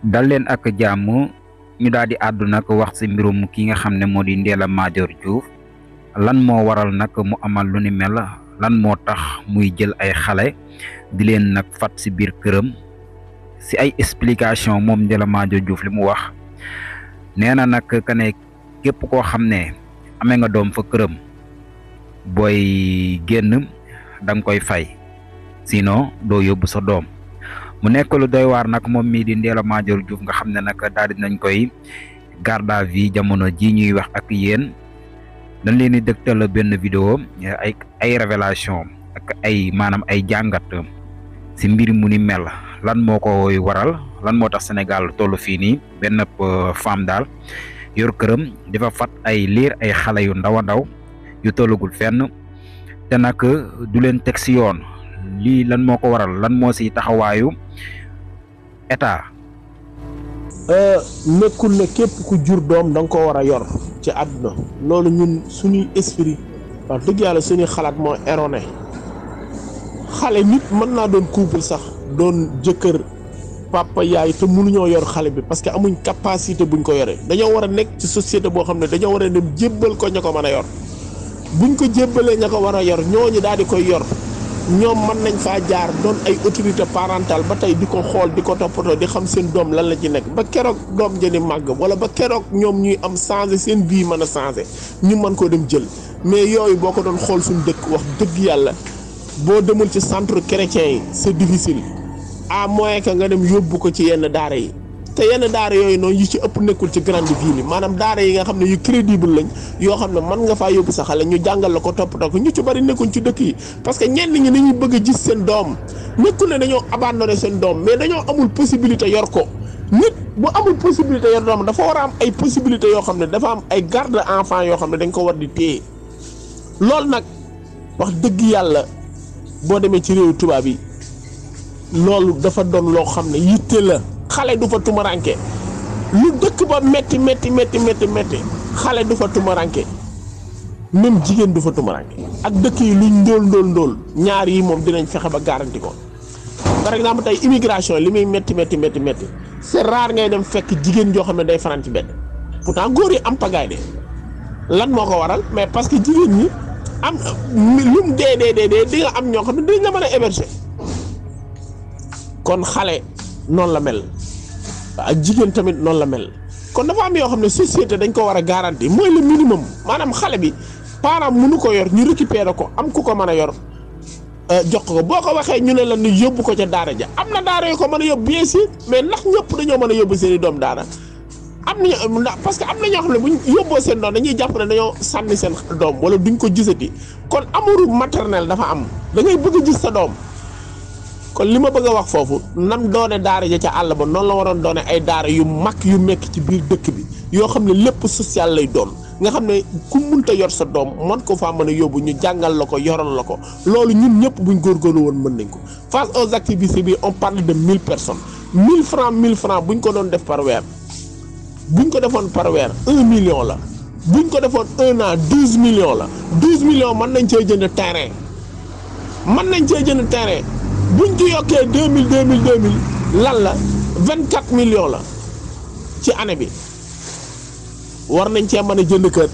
dal len ak jàmm ñu daldi di àddu wax ci mbirum ki nga xamne modi ndela major djouf lan mo waral nak mu amal lu ni mel lan mo tax muy jël ay xalé di len nak fat si bir kërëm si ay explication moom ndela major djouf limu wax neena nak kané kep ko xamne amé nga dom fa kërëm boy genn dang koy fay sino do yóbbu sa dom mu nekk lu doy war nak mom mi di ndela Madior djuf nga xamne nak nag daal di koy garda vie jamono ji ñuy wax ak yeen dañ leen di dektal ben vidéo ay ay révélation ak ay manam ay jangat ci mbir mu ni mel lan moko koy waral lan motax Senegal Sénégal toll fii nii euh, femme dal yor kërëm difa fat ay lire ay xalé yu ndaw ndaw yu fenn té nak du leen tek ci yoon lii lan moo ko waral lan moo si taxawaayu état. Euh, nekkul ne képp ku jur doom danga ko war a yor ci àdduna loolu ñun suñuy esprit wax dëgg yàlla suñuy xalaat moo erroné xale nit mën naa doon couple sax doon jëkkër papa yaay te ñoo yor xale bi parce que amuñ capacité buñ ko yoree dañoo war a nekk ci société boo xam ne dañoo war a dem jébbal ko ña ko mën a yor buñ ko jébbalee ña ko war a yor ñooñu daal di koy yor ñoom mën nañ faa jaar doon ay autorité parentale ba tey di ko xool di ko toppatoo di xam seen doom lan la ci nekk ba keroog doom jëni màgg wala ba keroog ñoom ñuy am changé seen bii mën a changé ñu mën ko dem jël mais yooyu boo ko doon xool suñ dëkk wax dëgg yàlla boo demul ci centre chrétien yi c'est difficile à moins que nga dem yóbbu ko ci yenn daara yi te yenn daara yooyu noonu yu ci ëpp nekkul ci grande ville maanaam daara yi nga xam ne yu crédible lañ yoo xam ne mën nga faa yóbbu sa xale ñu jàngal la ko toppatoo ko ñu ci bari nekkuñ ci dëkk yi parce que ñenn ñi dañuy bëgg a gis seen doom nekkul ne dañoo abandonné seen doom mais dañoo amul possibilité yor ko nit bu amul possibilité yor doom dafa war a am ay possibilité yoo xam ne dafa am ay garde enfant yoo xam ne dañ ko war di téye loolu nag wax dëgg yàlla boo demee ci réew tubaab yi loolu dafa doon loo xam ne yitte la. xale du fa tuma ranké lu dëkk ba metti metti metti metti metti xale du fa tuma ranké même jigen du fa tuma ranké ak dëkk yi lu ndol ndol ndol ñaar yi mom dinañ fexé ba garantie ko par exemple tay immigration li metti metti metti metti c'est rare ngay dem fekk jigen jo xamné day faran ci bedd pourtant goor yi am pagaay dé lan moko waral mais parce que jigen ni am lum dé dé dé dé di nga am ño xamné ne dinañ la mëna héberger kon xalé noonu la mel ak jigéen tamit noonu la mel kon dafa am yoo xam ne société dañ ko war a garanti mooy le minimum maanaam xale bi parent mënu ko yor ñu récupérer ko am ku ko mën a yor euh, jox ko boo ko waxee ñu ne la ñu yóbbu ko ca daara ja am na daara yu ko mën a yóbbu bien sûr mais ndax ñëpp dañoo mën a yóbbu seen doom daara am na parce que am na ñoo xam ne bu ñu yóbboo seen doom dañuy jàppale ne dañoo sànni seen doom wala duñ ko gisati kon amouru maternel dafa am da ngay gis sa doom. kon li ma bëgg a wax foofu nam doone daara ja ca àll ba noonu la waroon doone ay daara yu mag yu nekk ci biir dëkk bi yoo xam ne lépp social lay doon nga xam ne ku munta yor sa doom mën ko faa mën a yóbbu ñu jàngal la ko yoral la ko loolu ñun ñëpp buñ góor góorgóorlu woon mën nañ ko face aux activités bi on parle de mille personnes mille francs mille francs buñ ko doon def par weer buñ ko defoon parweer weer un million la buñ ko defoon un an douze millions la douze millions mën nañ cee jënd terrain mën nañ cee jënd terrain buñ ci 2000 2000 2000 millions la ci année bi war nañ ci kër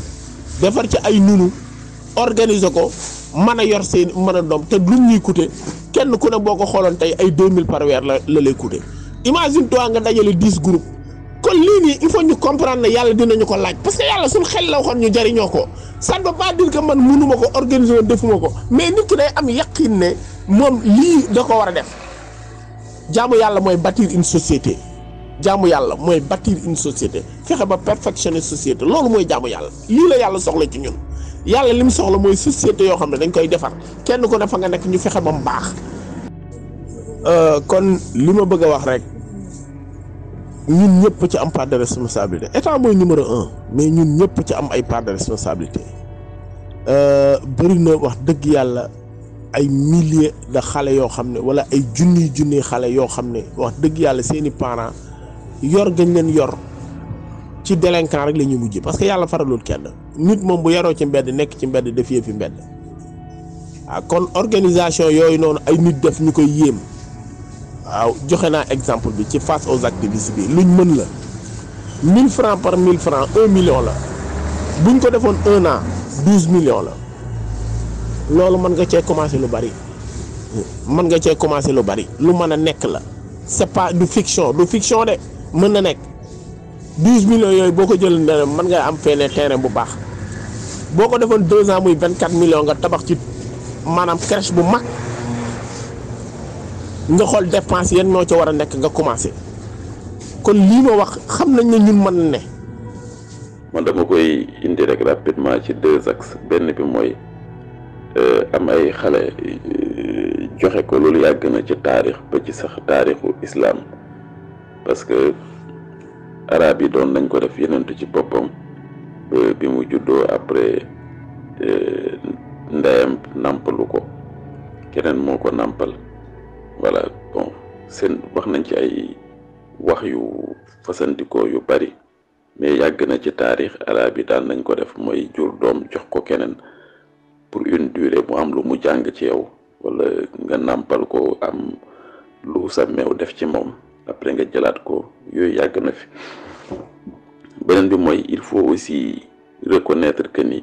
ci ay nunu organiser ko yor te luñ kenn ku ne par imagine toi nga 10 groupes il faut ñu comprendre ne yalla dinañu ko laaj parce que yalla xel la waxon ñu jariñoko ça ne veut pas dire que man organiser defumako mais nit ki day mom li da ko wara def jamu yalla moy bâtir une société jamu yalla moy bâtir une société fexé ba perfectionner société loolu moy jamu yalla li la yalla soxla ci ñun yalla li soxla moy société yo xam dañ koy defar kenn ko dafa nga nek ñu fexé ba mbax euh kon li ma bëgg wax rek ñun ñëpp ci am part de responsabilité état moy numéro 1 mais ñun ñëpp ci am ay part de responsabilité euh, bari na wax deug yalla ay milliers de xale yo xamné wala ay junniy junniy xale yo xamné wax deug yàlla seeni parents yor gën len yor ci délinquant rek lañu mujjé parce que yàlla faralul kenn nit mom bu yaro ci mbéd nek ci mbéd def yëfi mbedd ah kon organisation yoy non ay nit def ñukoy yém waaw joxe na exemple bi ci face aux activistes bi luñ mën la 1000 francs par 1000 francs 1 million la buñ ko defoon 1 an 12 millions la. loolu mën nga cee commencé lu bari mën nga cee commencé lu bari lu mën a nekk la c'est pas du fiction du fiction de mën na nekk douze million yooyu boo ko jël ne mën nga am feneen terrain bu baax boo ko defoon deux ans muy vingt quatre million nga tabax ci maanaam crèche bu mag nga xool dépense yan moo ca war a nekk nga commencé kon lii ma wax xam nañ ne ñun mën ne. man dama koy indi rek rapidement ci deux axes benn bi mooy. Euh, am ay xale euh, joxe ko loolu yàgg na ci taarix ba ci sax taarixu islaam parce que arab yi doon nañ ko def yenentu ci boppam bi mu juddoo après euh, ndeyam nàmpalu ko keneen moo ko nàmpal voilà bon seen wax nañ ci ay wax yu fasantikoo yu bari mais yàgg na ci taarix arab yi daan nañ ko def mooy jur doom jox ko keneen pour une durée mo am lu mu jang ci yow wala nga nampal ko am lu sa meew def ci mom après nga jëlaat ko yoy yag na fi benen bi moy il faut aussi reconnaître que ni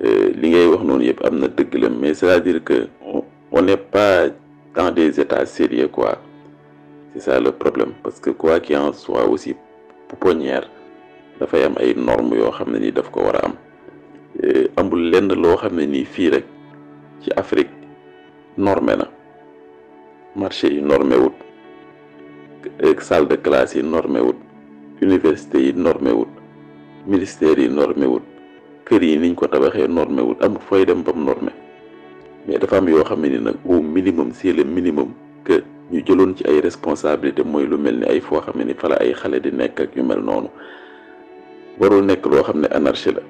euh, li ngay wax non yeb amna na mais c'est-à-dire que on n'est pas dans des états sérieux quoi c'est ça le problème parce que quoi qu'il en soit aussi pour da fay am ay normes yo xam ni daf ko wara am Eh, amul lenn loo xam ne nii fii rek ci Afrique normé na marché yi normé wut salle de classe yi normé wut université yi normé wut ministère yi normé wut kër yi niñ ko tabaxee normé wut amul fooy dem ba mu normé mais dafa am yoo xam ni nag au minimum c'est le minimum que ñu jëloon ci ay responsabilité mooy lu mel ni ay foo xam ne ni fala ay xale di nekk ak yu mel noonu warul nekk loo xam ne anarchie la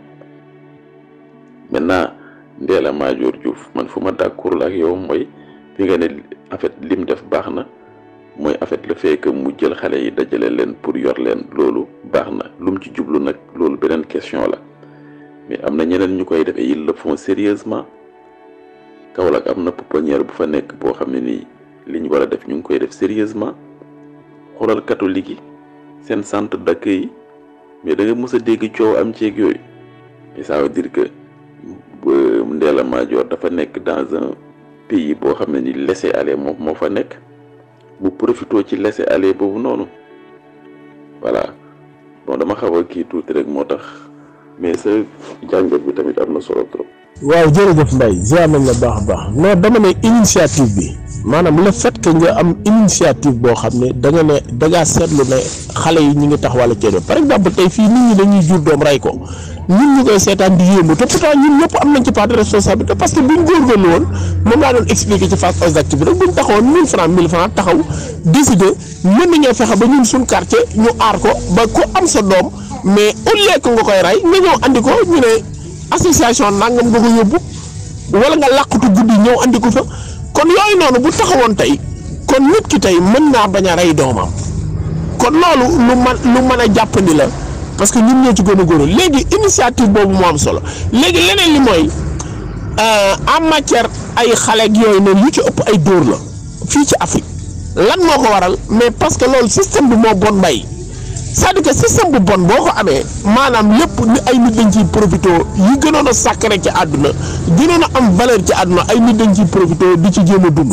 maintenant Ndella Madior Diouf man fu ma d'accord ak yow mooy fi nga ne en fait lim def baax na mooy en fait le mu jël xale yi dajale leen pour yor leen loolu baax na lu mu ci jublu nag loolu beneen question la mais am na ñeneen ñu koy def et ils le font sérieusement Kaolack am na pouponnière bu fa nekk boo xam ne nii li ñu war a def ñu ngi koy def sérieusement xoolal catholique yi seen sant d'accueil yi mais da nga mës a dégg coow am ceeg yooyu et ça veut dire que. moom Ndella Madior dafa nekk dans un pays boo xam ne ni laisser aller moom moo fa nekk mu profitoo ci laisser aller boobu noonu voilà bon dama xaw a kii tuuti rek moo tax mais sa jàngat bi tamit am na solo trop. waaw jërëjëf Mbaye ziar nañ la baax baax non dama ne initiative bi. maanaam le fait que nga am initiative boo xam ne da nga ne da ngaa seetlu ne xale yi ñu ngi taxawal cee doom par exemple tey fii nit ñi dañuy jur doom rey ko ñun ñu koy seetaan di yéemu te pourtant ñun ñëpp am nañ ci part de responsabilité parce que buñ góorgóorlu woon moom laa doon expliqué ci phase OSDAC bi rek buñ taxawoon 1000 francs 1000 francs taxaw décider mën nañoo fexe ba ñun suñ quartier ñu aar ko ba ku am sa doom mais au lieu que nga koy rey nga ñëw andi ko association nangam nga ko yóbbu wala nga làqatu guddi andi ko fa. kon yooyu noonu bu taxawoon tey kon nit ki tey mën naa bañ a rey doomam kon loolu lu man lu mën a jàppandi la parce que ñun ñoo ci gën a góor léegi initiative boobu moo am solo léegi leneen li mooy euh, en matière ay xale yooyu noonu yu ci ëpp ay dóor la fii ci Afrique lan moo ko waral mais parce que loolu système bi moo bon mbay. c'est-à-dire que système bu bon boo ko amee maanaam lépp ni ay nit dañ ciy profité yi gënoon a sacré ci àdduna gënoon a am valeur ci àdduna ay nit dañ ci profité di ci jéem a dund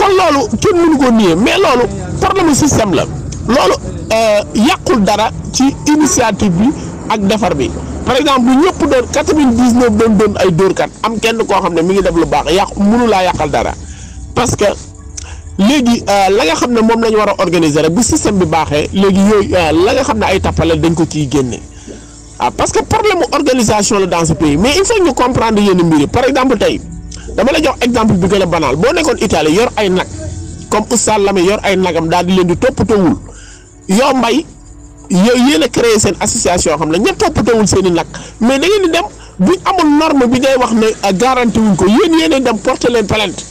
kon loolu kenn nu ko nier mais loolu problème système la loolu euh, yàqul dara ci initiative bi ak defar bi par exemple bu ñëpp doon quatre-vingt-dix-neuf doon ay dóorkat am kenn koo xam ne mi ngi def lu baax yàqu mënu laa yàqal dara parce que léegi euh, la nga xam mom lañu wara organiser rek bu système bi baxé léegi yooyu euh, la nga xam ay tapalé dañ ko ci génne ah parce que problème organisation la dans ce pays mais il faut ñu comprendre yene mbir par exemple tay dama la jox exemple bi gën banal bo nekkoon Italie yor ay nak comme Oustaz Lamé yor ay nagam daal di leen di toppatoowul yoo mbay yow yéen a association xam ne ña toppatoowul seen i nag mais da ngeen di dem buñ amul norme bi day wax né euh, garanti wuñ ko yene yene dem porter leen plainte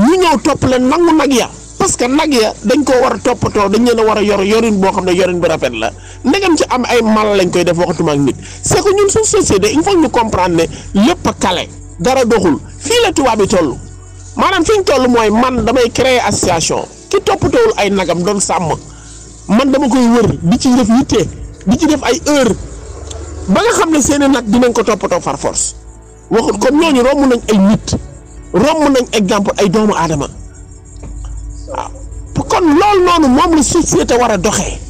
ñu ñëw topp leen nangu nag ya parce que nag ya dañ koo war a toppatoo dañ leen a war a yor yorin boo xam ne yorin bi rafet la ndegam ci am ay mal lañ koy def waxatuma ak nit c'est que ñun suñu société il faut ñu comprendre ne lépp kale dara doxul fii la tubaab bi toll maanaam fi ñu toll mooy man damay créer association ki toppatoowul ay nagam doon sàmm man dama koy wër di ci def yitte di ci def ay heure ba nga xam ne seeni nag dinañ ko toppatoo parforce force waxut kon ñooñu romb nañ ay romb nañ exemple ay doomu aadama waaw ah, kon loolu noonu moom la a war a doxee.